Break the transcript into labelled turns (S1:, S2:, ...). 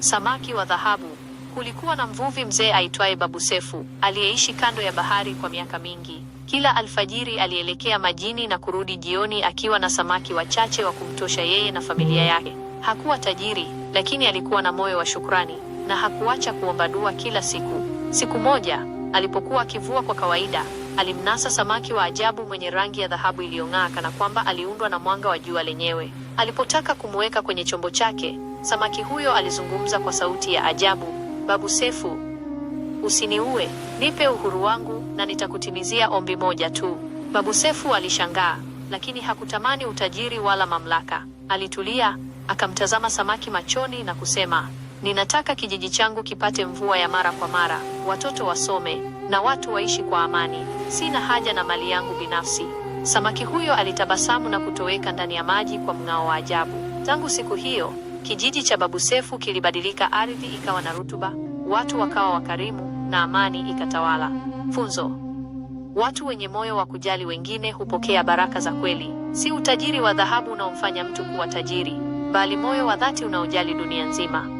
S1: Samaki wa dhahabu. Kulikuwa na mvuvi mzee aitwaye Babu Sefu aliyeishi kando ya bahari kwa miaka mingi. Kila alfajiri alielekea majini na kurudi jioni akiwa na samaki wachache wa kumtosha yeye na familia yake. Hakuwa tajiri, lakini alikuwa na moyo wa shukrani na hakuacha kuomba dua kila siku. Siku moja alipokuwa akivua kwa kawaida, alimnasa samaki wa ajabu mwenye rangi ya dhahabu iliyong'aa kana kwamba aliundwa na mwanga wa jua lenyewe. Alipotaka kumuweka kwenye chombo chake Samaki huyo alizungumza kwa sauti ya ajabu, Babu Sefu, usiniue, nipe uhuru wangu na nitakutimizia ombi moja tu. Babu Sefu alishangaa, lakini hakutamani utajiri wala mamlaka. Alitulia, akamtazama samaki machoni na kusema, ninataka kijiji changu kipate mvua ya mara kwa mara, watoto wasome na watu waishi kwa amani. Sina haja na mali yangu binafsi. Samaki huyo alitabasamu na kutoweka ndani ya maji kwa mng'ao wa ajabu. Tangu siku hiyo Kijiji cha Babu Sefu kilibadilika, ardhi ikawa na rutuba, watu wakawa wakarimu na amani ikatawala. Funzo: watu wenye moyo wa kujali wengine hupokea baraka za kweli. Si utajiri wa dhahabu unaomfanya mtu kuwa tajiri, bali moyo wa dhati unaojali dunia nzima.